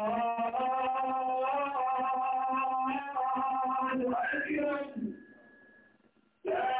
الله أكبر لا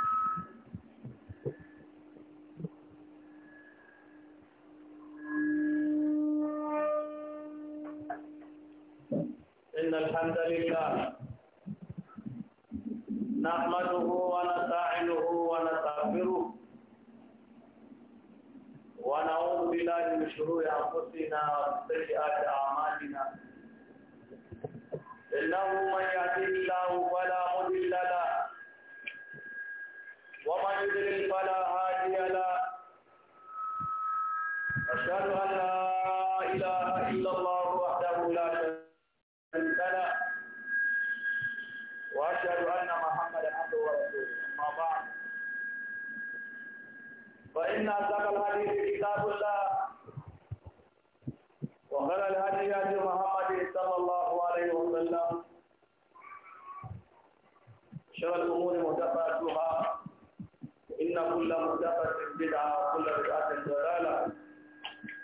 فإن أصدق الحديث كتاب الله وخير الهدي هدي محمد صلى الله عليه وسلم شر الأمور محدثاتها إن كل محدثة بدعة وكل بدعة ضلالة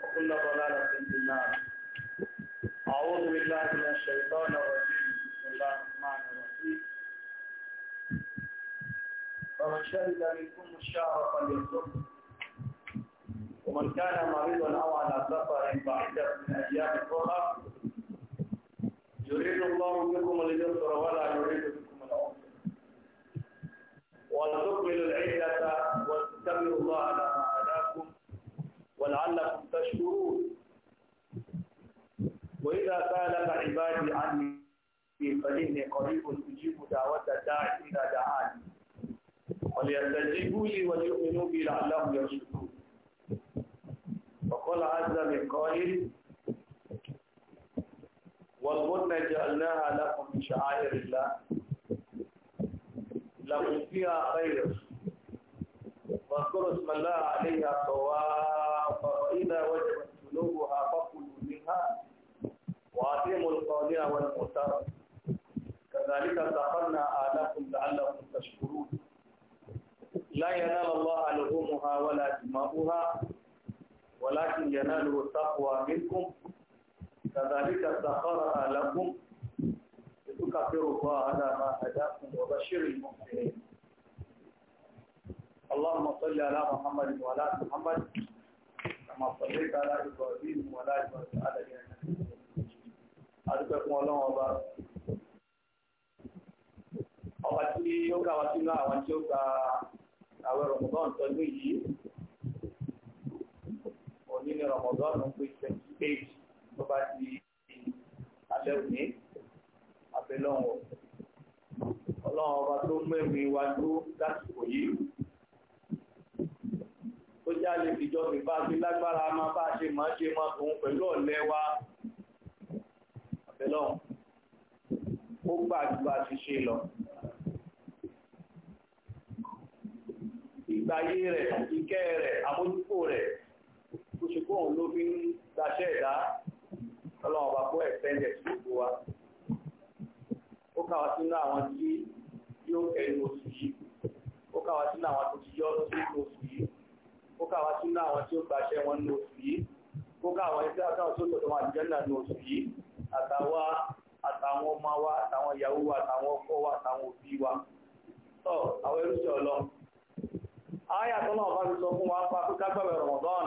وكل ضلالة في النار أعوذ بالله من الشيطان الرجيم بسم الله الرحمن الرحيم فمن شهد منكم الشهر فليصم ومن كان مريضا أو على سفر بعيدا من أيام أخرى يريد الله منكم اليسر ولا يريد بكم العسر ولتكملوا العدة واستمروا الله على ما هداكم ولعلكم تشكرون وإذا سألك عبادي عني فإني قريب أجيب دعوة الداعي إذا دعاني وليستجيبوا لي وليؤمنوا بي لعلهم يرشدون قال عز من قائل والبن جعلناها لكم من شعائر الله لكم فيها خير واذكروا اسم الله عليها طواف فإذا وجبت جنوبها فكلوا منها وأطيموا القانع والمعتر كذلك سخرنا آلاكم لعلكم تشكرون لا ينال الله لحومها ولا دماؤها ولكن يناله التقوى منكم كذلك سخرها لكم لتكفروا الله على ما هداكم وبشر المؤمنين اللهم صل على محمد وعلى محمد كما صليت على ابراهيم وعلى ال ابراهيم adúpẹ́kún ọlọ́run ọba ọba tí ó gbà wá sínú àwọn tí ó gba àwẹ̀ rọ̀mùbọ́n tọ́jú yìí ní rọmọdọ́nù pé twenty eight tó bá di alẹ́ òní abẹ́lọ́wọ̀ ọlọ́run ọba tó mẹ́rin wa dúró lásìkò yìí ó já lè fìjọ mi bá gbé lágbára máa bá ṣe máa ṣe máa tòun pẹ̀lú ọ̀lẹ́ wa abẹ́lọ́wọ̀ ó gbà ju bá ti ṣe lọ. ìgbàyé rẹ̀ ìkẹ́ rẹ̀ àmójúkò rẹ̀ ṣe kóhùn ló fi ń daṣẹ́ ẹ̀dá ọlọ́run ọba kó ẹ̀fẹ́ndẹ̀ sí gbogbo wa ó kà wá sínú àwọn tí yóò kẹ́yìn oṣù yìí ó kà wá sínú àwọn tó ti yọ sínú oṣù yìí ó kà wá sínú àwọn tí ó gbaṣẹ́ wọn ní oṣù yìí ó kà wá iṣẹ́ àtàwọn tó lọ́dọ̀ wọn àjẹ́ náà ní oṣù yìí àtàwa àtàwọn ọmọ wa àtàwọn ìyàwó wa àtàwọn ọkọ wa àtàwọn òbí wa tọ́ àwọn ẹrúṣẹ́ ọlọ́ ayàtọ̀ náà bá fi sọ fún wa pa pé ká gbàgbé Ramadan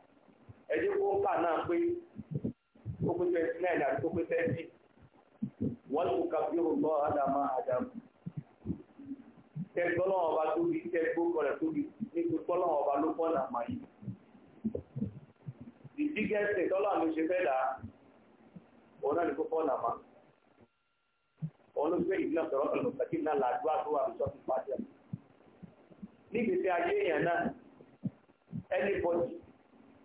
ẹjẹ́ kó ń kà náà pé ó pé twenty nine àti ó wọ́n ka bí ọba tóbi ọba ló pọ̀ nà máa yìí the biggest thing tọ́lọ́ àmì ṣe fẹ́ dà òun náà ní máa òun ló gbé ìdílé ọ̀sẹ̀ rọ́pẹ̀lú náà làdúrà tó wà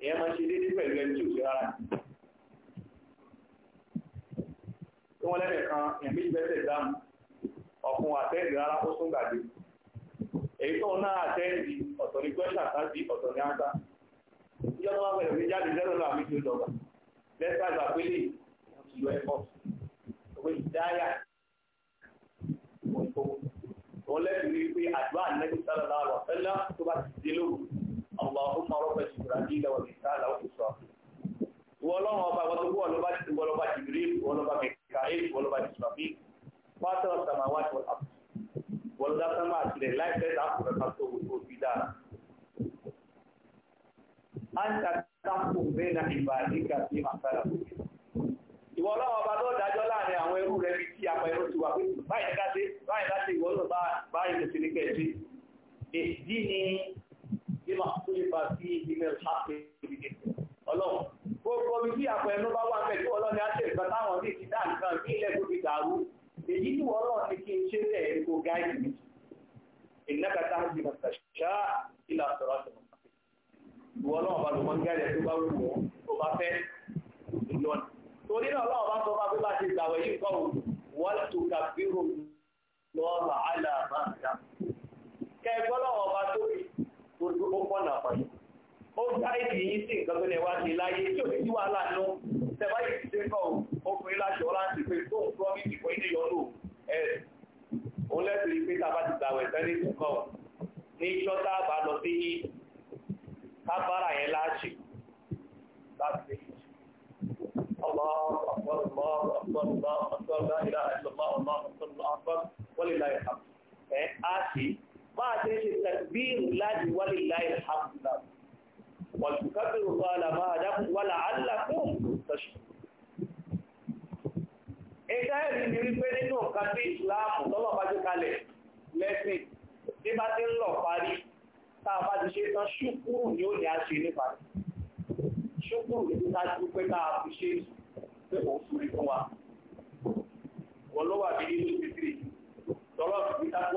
èèyàn máa ṣe déédéé pẹ̀lú ẹni tí ò ṣe rárá tí wọ́n lẹ́nu kan èèyàn méjì bẹ́sẹ̀ dáhùn ọ̀fun àtẹ́ǹdì rárá ó tún gbàgbé èyí tó ń náà àtẹ́ǹdì ọ̀tọ̀ ní gbẹ́sà sáàbì ọ̀tọ̀ ní áńsà ìjọ tó wá pẹ̀lú ní jáde zero náà mi tó dọ̀gba lẹ́sà gbà pé lè ti ẹ̀kọ́ òwe ìdáyà òǹkó wọ́n lẹ́sìn rí pé àdúrà nẹ́gbẹ̀sà lọ́wọ́ fẹ́lá tó bá ti dé lóru اللهم رب جبرائيل وميكال وإسرافيل ìwọlọ́wọ́ ọba gbọ́dọ̀gbọ́ ọlọ́ba ti wọlọ́ba jibril wọlọ́ba mikael wọlọ́ba israfil pátá ọ̀sán àwọn àti wọlọ́dá sámà àtìlẹ̀ láìpẹ́ láàpùrẹ́ pátó òbí dára. a ń ta sáàpù bẹ́ẹ̀ na ìgbà nígbà tí màá sára lókè. ìwọlọ́wọ́ ọba ló dájọ́ láàrin àwọn ẹrú rẹ̀ bíi tí apá ẹrú ti wà pé báyìí láti ìwọlọ́ báyìí máa kú nípa sí ìdílé ṣáàpì ìdílé ọlọ́run gbogbo omi bí àpò ẹnu bá wà pẹ̀lú bí ilẹ̀ ni wọ́n lọ́ọ̀ ní kí n ṣe tẹ̀ kó gáìdì mi ìnáka táwọn ti máa ṣá ìlà sọ̀rọ̀ àtẹ̀wọ̀n ìwọ ọlọ́run bá lò wọ́n gáìdì tó bá wù wọ́n tó bá fẹ́ lọ́nà torí náà ọlọ́run bá sọ fún abúlé àti ìgbàwẹ̀ yìí kọ́ wọ́n tó kàbírò lọ́ọ̀rọ̀ àlàmà kẹgbọ́lọ́wọ́ bá tóbi torí ó kọ́nà àpàdé ó dá ìdí yìí sí nǹkan tó lè wá sí láyé tí ò ní sí wàhálà nú tẹ̀wáyé ti dé kọ́ ọkùnrin láṣọ láti pé tó ń tọ́ bíbí kò ní yọlù ẹ̀ òun lẹ́sìn rí pé tábà ti gbàwẹ̀ sẹ́lẹ̀ tó kọ́ ní ṣọ́tà bá lọ sí kábàrà yẹn láṣì láti الله أكبر الله أكبر الله أكبر لا إله إلا الله الله أكبر الله أكبر ولله الحمد. آسي bá a ti ṣe takbir láti wálé láì hàmdà wàtú kábírù kọ́lá máa dákùn wà láàlá fún tọ́ṣù. ẹ̀ka ẹ̀rí ni wípé nínú nǹkan tí ìsìláàmù lọ́wọ́ bá jẹ́ kalẹ̀ lẹ́sìn tí bá ti ń lọ parí tá a bá ti ṣe tán ṣùkúrù ni ó ní a ṣe nípa rẹ̀ ṣùkúrù ní bí ká dúpẹ́ tá fi ṣe pé òun fún fún wa. wọ́n ló wà nínú títì tọ́lọ́ fi ká tó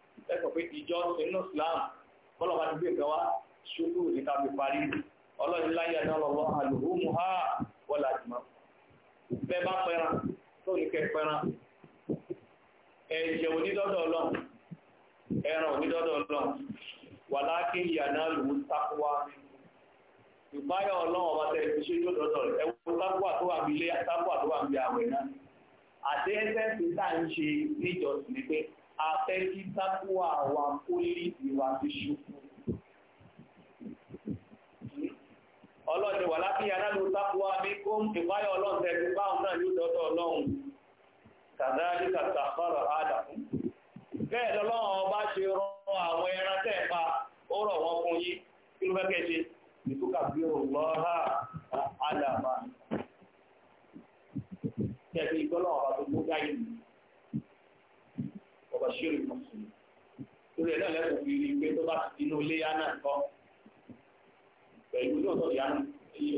ẹ̀kọ́ pé ìjọ inú Islam bọ́lá bá ti gbé nǹkan wá ṣubú ní ká fi parí ọlọ́run láyé ẹ̀dá lọ́wọ́ àlùhùmù ha wọ́lá jùmọ́ bẹ́ bá pẹran tó ní kẹ́ pẹran ẹ̀jẹ̀ onídọ́dọ̀ ọlọ́run ẹran onídọ́dọ̀ ọlọ́run wà láàkí ìyànà lùú tápúwá ìbáyọ̀ ọlọ́run ọba tẹ̀ fi ṣe yóò dọ́dọ̀ rẹ̀ ẹwọ́n tápúwà tó wà àti ẹsẹ̀ ti ń ṣe níjọsìn ni pé afẹ́kí tákùwà wà kó lé ìwà fi ṣòfò. ọlọ́ni wà láti aláàlú tákùwà bí kó ń ti báyọ̀ ọlọ́run tẹ́gbẹ́ báwọn náà ní ìdọ́dọ̀ ọlọ́run kàdáàlì kàtàkọ́rọ̀ àdàkùn bẹ́ẹ̀ lọ́lọ́run ọba ṣe rán àwọn ẹran tẹ́ẹ̀pa ó rọ̀ wọ́n fún yí kí ló fẹ́kẹ́ ṣe ìtúkà bí ó lọ́ha àdàmà kẹfì ìgbọ́lọ́run ọba tó gbó gáyé nìyí bá ti dinú ilé yá náà kọ́ pẹ̀lú ní ọ̀tọ̀ ìyá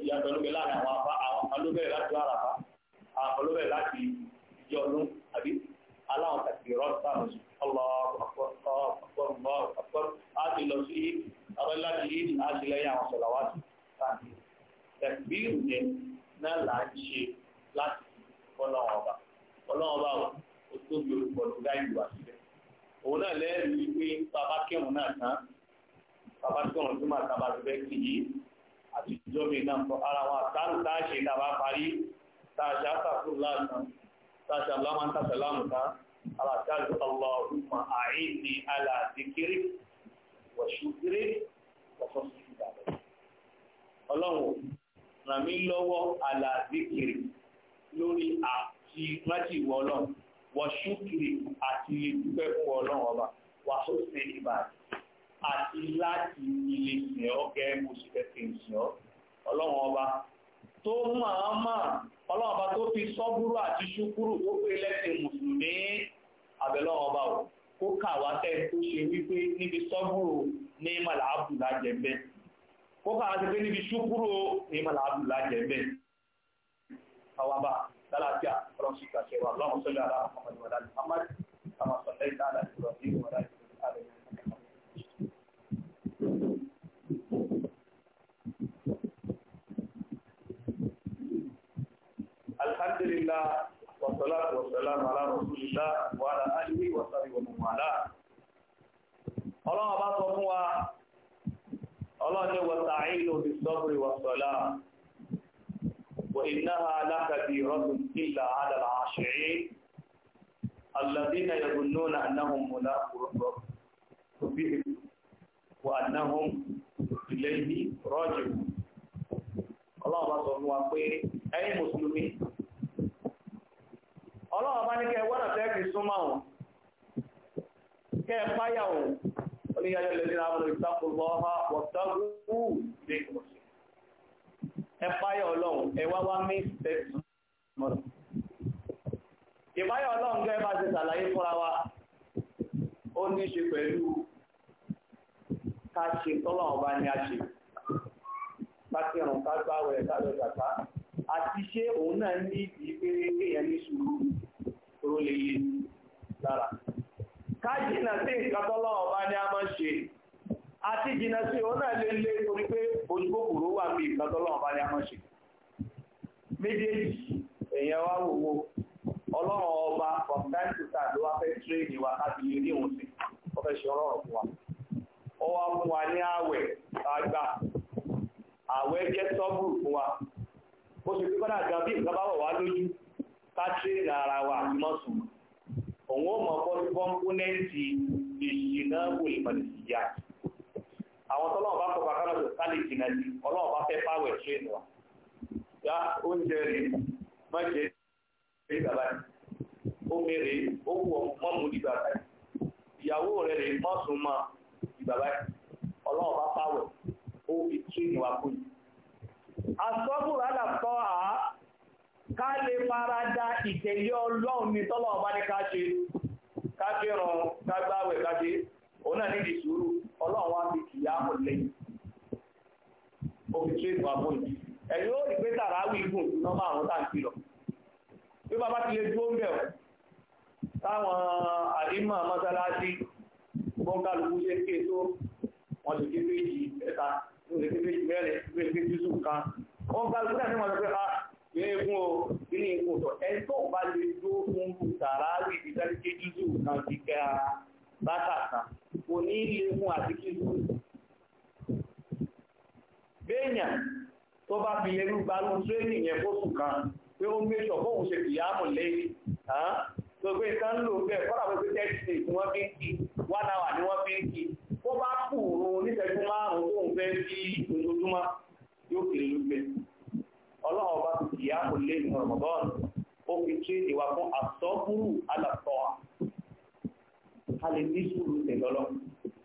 ìyàtọ̀ ló bẹ láàrin àwọn afá àwọn kan ló bẹ̀rẹ̀ láti àràfá àwọn kan ló bẹ̀rẹ̀ láti ìjọ ọdún àbí aláwọn kàtì rọ́ọ̀tà ọlọ́ọ̀pọ̀ àti lọ sí abẹ́lá ti yí láti lẹ́yìn àwọn sọ̀làwátì náà là ń ṣe láti ọlọ́wọ́n ọba ọlọ́wọ́n tóbi olùkọ́ ló dá ìlú àti òun náà lẹ́rìí wípé bàbá kírun náà tán bàbá kírun tó máa tàbá ti fẹ́ kì í àti ìjọba iná nǹkan ara wọn àtàrù tá a ṣe tàbá parí tá a ṣe àtàkùn láàtàn tá a ṣe àlámà tá a ṣe àlámù tá ara tá a ṣe Allahumma a'inni ràn mí lọ́wọ́ ala lórí àti rájì ìwọ wọ́n ṣúkìrì àti ilé dúpẹ́ fún ọlọ́run ọba wà tó ṣe ìbàdí àti láti ilé sìn ọ́ gẹ́ mo sì fẹ́ fi sìn ọ́ ọlọ́run ọba tó máa máa ọlọ́run ọba tó fi sọ́búrú àti ṣúkúrù tó pé lẹ́sìn mùsùlùmí àbẹ̀lọ́run ọba ò kó kà wá tẹ́ tó ṣe wípé níbi sọ́búrú ní màláàbù lájẹ̀bẹ́ kó kà wá pé níbi ṣúkúrù ní màláàbù lájẹ̀bẹ́ káwá bá lálàáfíà ọlọ́run sì gbàṣẹ wa lọ́run sọ́jà aláwọ̀ ọmọdé wà láti Muhammad kama sọ̀tẹ́ ìta àlàyé ìrọ̀ sí ìwọ̀n láti ìrọ̀ Alhamdulillah wa salatu wa salamu ala rasulillah wa ala alihi wa sahbihi wa man wala ọlọ́run bá sọ fún wa ọlọ́run ní wọ̀tàílò bí sọ́bùrì wọ̀sọ̀lá wọ iná alákàbí rọ́bùn إلا على العاشرين الذين يظنون أنهم ملاقوا ربهم وأنهم إليه راجعون ọlọ́run bá sọ fún wa pé ẹ̀yin mùsùlùmí ọlọ́run bá ní kẹ́ wọ́nà tẹ́ẹ̀kì súnmọ́ òun kẹ́ ẹ páyà òun oníyàjọ́ lẹ́sìn àwọn ìtàkùnlọ́ ọmọ wọ̀tọ́gùn ní ìkọ̀ọ̀sẹ̀ ẹ páyà ọlọ́run ẹ wá wá mí tẹ́ẹ̀kì ṣàlàyé fúnra wa ó ní ṣe pẹ̀lú ká ṣe tọ́lọ̀ ọba ni a ṣe ọ ká gbáwẹ̀ ká lọ ṣàtá àti ṣé òun náà ní ìdí pé kéèyàn ní sùúrù tó lè yé lára ká jìnnà sí nǹkan tọ́lọ̀ ọba ni a máa ṣe àti sí òun náà lè lé torí pé wà bí ọba ni a máa ṣe méjèèjì èèyàn wá wò ọlọ́run ọba from time to time ló wá fẹ́ tírèdì wa láti lè rí òun sí ó fẹ́ ṣe ọlọ́run fún wa ó wá fún wa ní ààwẹ̀ àgbà ààwẹ̀ jẹ́ sọ́bù fún wa bó ṣe pé kọ́dà bí nǹkan bá wọ̀ wá lójú ká ara wa àti mọ́sùn òun ó mọ̀ bọ́ sí kọ́ńpónẹ́ǹtì ìṣìnà àwọn tọ́lọ́wọ́ bá kọ̀ọ̀kan kánà tó sálì jìnnà sí ọlọ́wọ́ bá fẹ́ pàwẹ̀ tírèdì wa ya oúnjẹ èyí bàbá yìí ó mèrè ó wù mọ́mú di bàbá ìyàwó rẹ̀ rè mọ́sùn mọ́ di bàbá ọlọ́run bá pàwọ̀ ó fi tírìnì wa kú yìí. à ká lè fara da ìtẹ̀lé ọlọ́run ní tọ́lọ́run bá ní ká ṣe ká ràn ká gbáwẹ̀ ká ṣe òun náà bí bàbá ti lè dúró ń bẹ̀ táwọn àrímọ̀ mọ́sálásí bọ́ńkàlùkù ṣe ké tó wọ́n ti ké péjì ẹ̀ta wọ́n ti ké péjì mẹ́rin wọ́n ti ké jùsù kan wọ́n bá lùkúta ní mọ̀lẹ́pẹ́ a ah, ilé egun o ilé egun tọ̀ ẹ tó bá lè dúró fún tàràwì ìdájí ké jùsù kan ti kẹ́ a bákà kan kò ní ilé egun àti ké jùsù. béèyàn tó bá fi lérú balùwẹ̀ tó ènìyàn fóṣù kan pé ó gbé ṣọ̀ fóun ṣe kìyàmù lẹ́yìn tó gbé nǹkan lò bẹ́ẹ̀ kọ́lá pé thirty days ni wọ́n fi ń kí one hour ni wọ́n fi ń kí bó bá kù òun níṣẹ́jú márùn-ún tóun fẹ́ kí ojoojúmọ́ yóò kéré lógbé ọlọ́run bá ti kìyàmù lẹ́yìn rọ̀mọ́dọ́ọ̀nù ó fi ṣe ìwà fún àsọ́búrú alàtọ́wà a lè ní sùúrù tẹ̀lọ́lọ́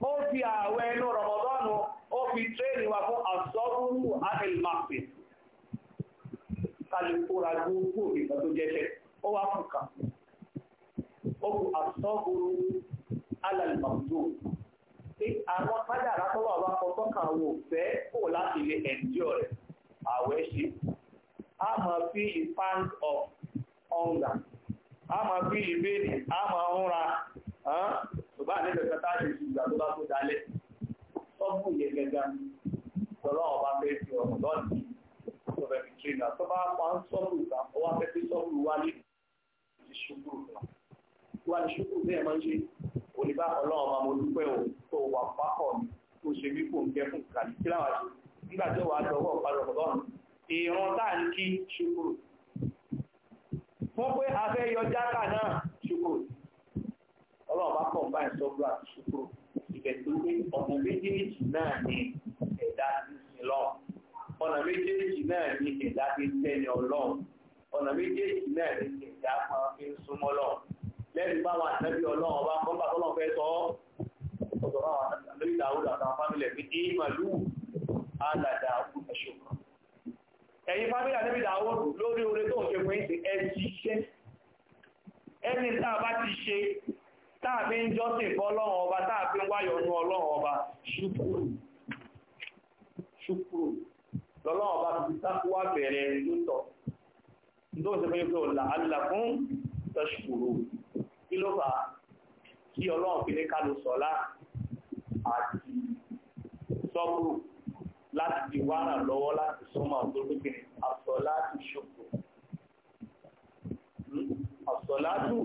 ó fi ààwẹ̀ ẹnu rọ̀mọ́dọ́ọ̀nù ó fi ṣe ìwà fún àsọ́búrú alàtọ́wà kálí kóra gbogbo ìgbà tó jẹ́ṣẹ́ ó wá fún kan ó kù àtọ́gbòrò alàlùmọ̀tò pé àwọn kádàrá tó wà wá kọ́kọ́ kan wò fẹ́ kò láti lè ẹ̀ndíọ̀ rẹ̀ àwẹ̀ ṣe a máa fi ìpans of hunger a máa fi ìbéèrè a máa ń ra ṣùgbọ́n àlejò kẹta ṣe ìgbà tó bá tó dalẹ̀ sọ́gbù yẹn gẹ́gẹ́ tọ́lọ́ ọba fẹ́ fi ọ̀rọ̀ lọ́nìí fẹ́ fi tírínà tó bá pa ń sọ́ọ̀rù ìgbà ó wá fẹ́ fi sọ́ọ̀rù wálé ti ṣubú ìgbà wá ní ṣubú bẹ́ẹ̀ máa ń ṣe oníbà ọlọ́run máa mo dúpẹ́ o tó wà pákọ̀ mi tó ṣe mí kò ń jẹ́ fún kàlí kí láwọn àṣẹ nígbà tí wàá dọwọ́ padà ọ̀dọ́run ìran tá à ń kí ṣubú fún pé a fẹ́ yọ jákà náà ṣubú ọlọ́run bá kọ̀ báyìí sọ́ọ̀rù àti ṣubú ìbẹ̀ tó gbé ọ̀nà méjèèjì náà ní ẹ̀dá fi tẹ́ni ọlọ́run ọ̀nà méjèèjì náà ní ẹ̀dá máa fi ń súnmọ́ lọ́run lẹ́nu bá wọn àtẹ́bí ọlọ́run ọba kọ́ńbà tọ́lọ́ fẹ́ sọ ọ́ ọ̀dọ̀ bá wọn àtẹ́bí dàwúd àtàwọn fámìlì ẹ̀mí dé màlúù alàdà àkùnṣe kan ẹ̀yin fámìlì àtẹ́bí dàwúd lórí oore tó ń ṣe fún ẹ̀sìn ẹ̀sìn iṣẹ́ ẹni tá a bá ti ṣe tá a fi ń jọ́sìn fún ọlọ́run ọba tá a fi ń wáyọ̀ ọ̀nù ọlọ́run ọba ṣùkúrù ṣùkúrù lọ́lọ́wọ́ bá ti sákúwà bẹ̀rẹ̀ lótọ́ tó ṣe fẹ́ tó là álà fún tọ́ṣùkúrò kí ló fà kí ọlọ́run fi ní kálu sọ́lá àti sọ́bùrù láti di wàrà lọ́wọ́ láti súnmọ́ tó lókèrè àsọ̀lá ti ṣòkò àsọ̀lá tù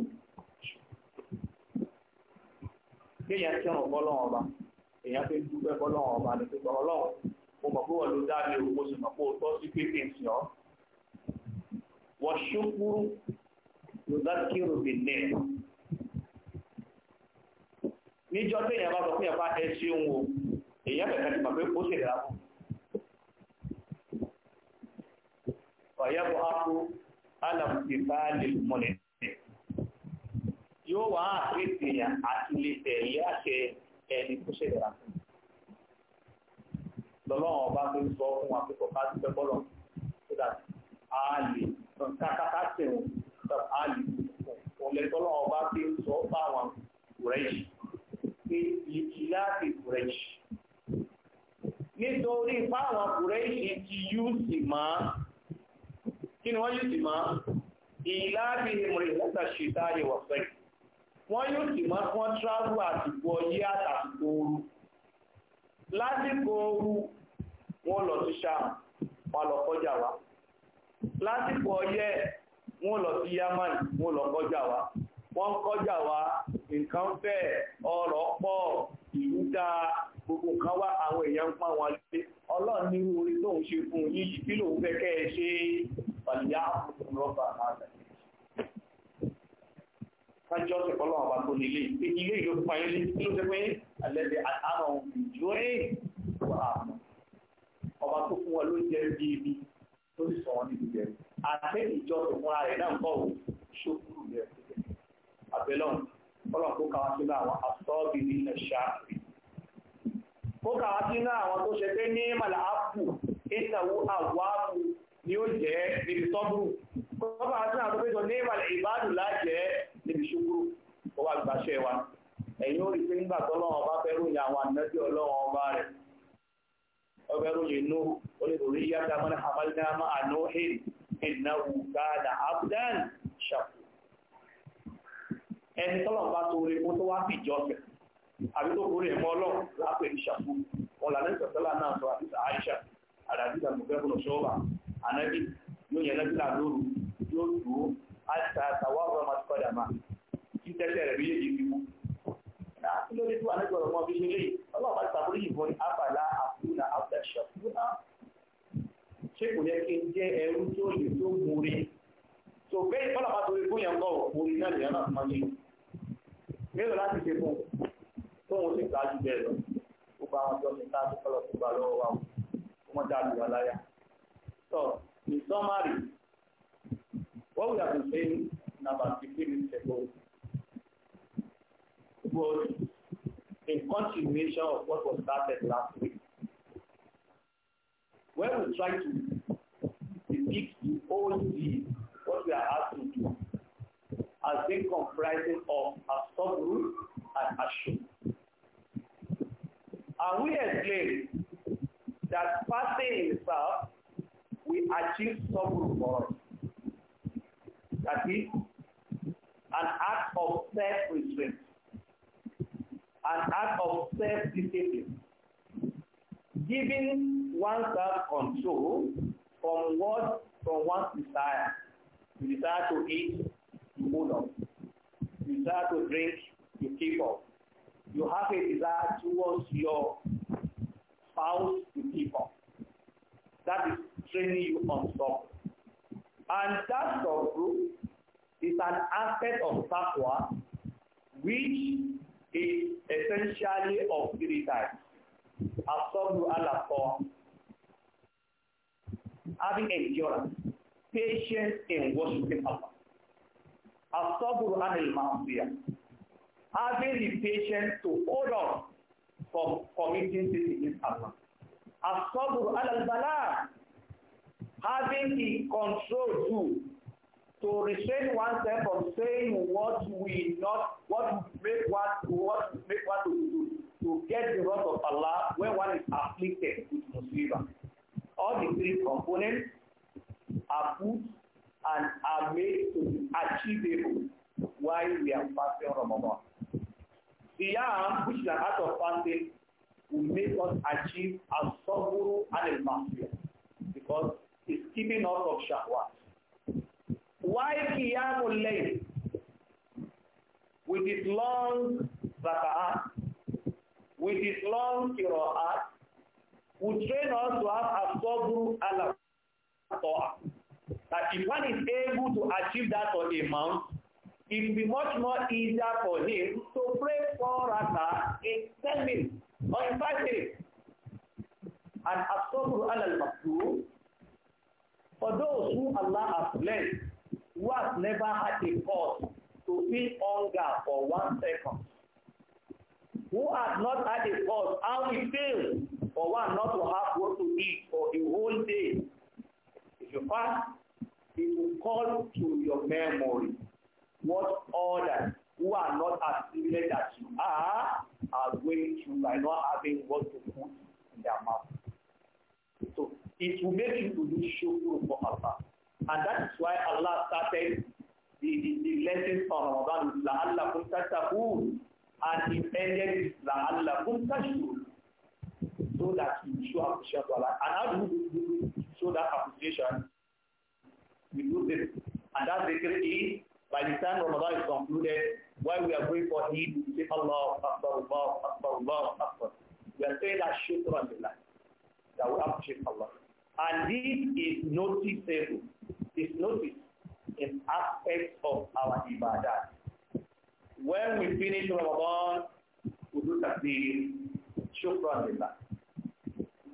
kéèyàn kírun bọ́lọ́wọ́ ọba èèyàn fi dúpẹ́ bọ́lọ́wọ́ ọba ní pípa ọlọ́run o mọ̀ pé wọ́n ló dá mi òun mo mọ̀ pé o tọ́ sí pépè sí ọ́ wọ́n ṣókúrú ló dá kírò bì ní ẹ̀ níjọ́ téèyàn bá sọ pé ẹ̀fà ẹ ṣeun o èèyàn kẹ̀kẹ́ ti mọ̀ pé ó ṣèlè àpò ọ̀yẹ́bù ápò alàmùsì bá lè mọ̀lẹ̀ yóò wá àpèsè àti lè tẹ̀lé àṣẹ ẹni tó ṣèlè àpò lọ́lọ́run ọba tó ń sọ fún wa pé kọ̀ọ̀ká ti fẹ́ bọ́lọ̀ so that a lè kákáká tẹ̀ wọ́n so that a lè fún ọ̀lẹ́ tọ́lọ́run ọba tó ń sọ fáwọn kùrẹ́jì pé ìlà ti kùrẹ́jì nítorí fáwọn kùrẹ́jì ti yú sí máa kí ni wọ́n yú sí máa ìlà ti mìíràn lọ́tà ṣètà ìwọ̀ sẹ́yìn wọ́n yóò sì máa wọ́n travel àsìkò ọyẹ́ àtàkùn ooru lásìkò ooru wọ́n lọ sí sham wọ́n lọ kọjá wa lásìkò ọyẹ́ wọ́n lọ sí yamani wọ́n lọ kọjá wa wọ́n kọjá wa nǹkan fẹ́ ọ̀rọ̀ pọ̀ ìlú dáa gbogbo nǹkan wá àwọn èèyàn ń pa wọn lé ọlọ́run ní orí tóun ṣe fún yín yìí kí lòun fẹ́ kẹ́ ẹ ṣe pàlìyà rọ́bà ààrẹ kájọ́ sí ọlọ́run bá tó nílé ilé ìlú fún ayé ló ṣe pé alẹ́ bẹ àtàrà òun ìjọ ẹ̀ wà á mọ̀ ọba tó fún wọn ló jẹ́ bí ibi tó sì sọ wọn níbi jẹ àti ìjọ tó múra rẹ̀ náà ń bọ̀ wò ṣókùrù rẹ̀ àbẹ̀lọ́n ọlọ́run kó káwá sínú àwọn àtọ́bí ní ẹ̀ṣáàfì kó káwá sínú àwọn tó ṣe pé ní màláàpù ìtàwó àwáàpù ni ó jẹ́ níbi tọ́bùrù kó káwá sínú àwọn tó péjọ ní màlá ìbádù lájẹ́ níbi ṣúkúrú ó wá gbàṣẹ wa ẹ̀yin ó rí pé nígbà tọ́lọ́run ọba fẹ́ ròyìn àwọn ànájẹ́ ọlọ́run ọba rẹ̀ ọgbẹ́ ròyìn nú onítorí yàtà mọ́nà àmàlìdá máa nóhìn ìnáwó gáàdà abdan ṣàkó ẹni tọ́lọ̀ bá torí ó tó wá fi jọ́sẹ̀ àbí tó kórè mọ́ ọlọ́run lápẹ̀ ní ṣàkó ọ̀là ní sọ̀tẹ́lá náà sọ àti Aisha àdàbíta mọ̀fẹ́kùnà ṣọ́ọ̀bà ànábì yóò yẹn lẹ́bílà lóru yóò dúró àti àtàwọ̀ ọmọ ti padà máa títẹ́tẹ́ rẹ̀ bí yéèyí fi mú ṣàkúrà ṣé kò yẹ kí n jẹ́ ẹrú tó lè tó múre tó bẹ́ẹ̀ kọ́lá bá torí fún yẹn kọ́ orí náà nìyẹn náà máa ń láti ṣe fún tó wọn sì gbájú bẹ́ẹ̀ lọ kó bá wọn jọ ní sáájú kọ́lọ́ tó bá lọ́wọ́ wa kó wọ́n dá lù láyà tó ní sọ́márì wọ́n wù yàtọ̀ sí nàbà fifteen minutes ago but in continuation of what was started last week when we try to depict the only what we are asked to do, has been comprising of a subgroup and action. And we explain that fasting itself, we achieve subgroup for us. That is an act of self-restraint, an act of self-discipline, giving oneself control from what from one's desire. You desire to eat, you hold on. You desire to drink, you keep on. You have a desire towards your spouse, you keep on. That is training you on stop. And that stop is an aspect of taqwa which is essentially of three types. Allahu Allah Having endurance, patience in worshiping Allah. Asaburu anil ma'asiyah. Having the patience to hold on from committing sin against Allah. Asaburu alal bala. Having the control to to restrain oneself from saying what we not what make what what make what we do to get the wrath of Allah when one is afflicted with musibah. All the three components are put and are made to be achievable while we are fasting Ramadan. The Siyam, which is an act of fasting, will make us achieve a saburu and a mafia because it's keeping us of shahwat. Why Qiyamul Layl with its long zakah? with his long qira'at will train us to have a sabru ala that if one is able to achieve that on a mount, it will be much more easier for him to pray for Raka in 10 minutes or in 5 minutes. And as-sabru ala al for those who Allah has blessed, who has never had a cause to feel hunger for one second, who has not had a thought how he failed for one not to have what to eat for a whole day. If you fast, it will call to your memory what others who are not as privileged as you are are going through by not having what to put in their mouth. So it will make you to do shukru for Allah. And that is why Allah started the, the, the lessons on Ramadan with لَعَلَّكُمْ تَتَّقُونَ and he ended with Allah Kumtashu so that you show appreciation to Allah. And how do you show that appreciation? We do this. And that zikr is by the time Ramadan is concluded, while we are going for Eid, we say Allah, Akbar, Allah, Akbar, Allah, Akbar. We are saying that the lillah, that we appreciate Allah. And this is noticeable. It's noticed in aspects of our ibadah. when we finish Ramadan, we do takbir, shukran lillah.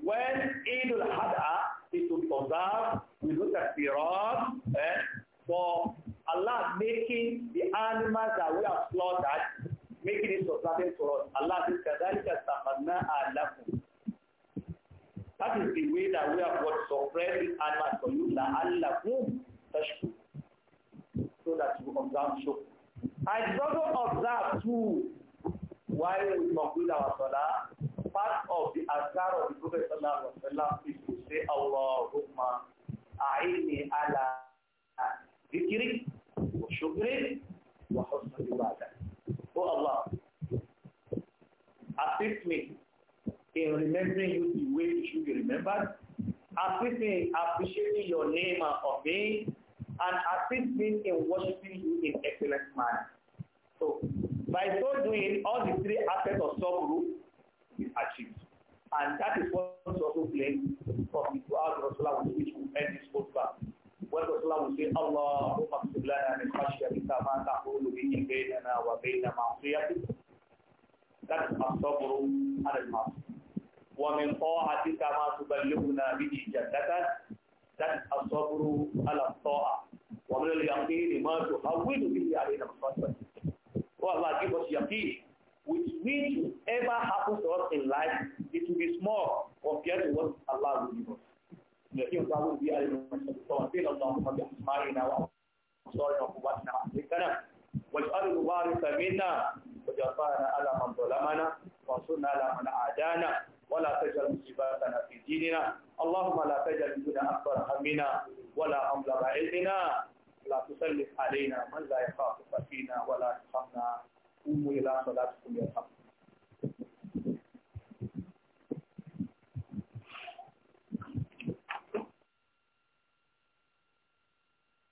When Eid al-Hadha is to be observed, we do takbirat eh, for Allah making the animals that we have slaughtered, making it observant for us. Allah says, كَذَلِكَ سَمَنَّا أَلَكُمْ That is the way that we have got suppressed these animals for you, لَعَلَّكُمْ تَشْكُرُ So that you observe shukr. I struggle observe too while we conclude our salah. Part of the azhar of the Prophet sallallahu alaihi wasallam is to say Allahumma a'inni ala dhikri wa shukri wa husni ibadah. Oh Allah, assist me in remembering you the way you should be remembered. Assist me in appreciating your name and me. and assist me in worshiping you in excellent manner. So by so doing, all the three aspects of subgroup is achieved. And that is what is also claimed from the Quran Rasulullah with which we end this khutbah. When Rasulullah will say, Allahumma aksib lana min khashyatika ma ta'ulu bihi baynana wa bayna ma'asiyatik. That as-sabru al-mas. Wa min ta'atika ma tuballighuna bihi jannatan. That is al ala على اليقين ما تحول به علينا مصطفى والله give us yaqeen with which whatever happens to us in life it will be small compared to what Allah will give us. يقين الله به علينا مصطفى وفينا اللهم بأسمائنا وأسمائنا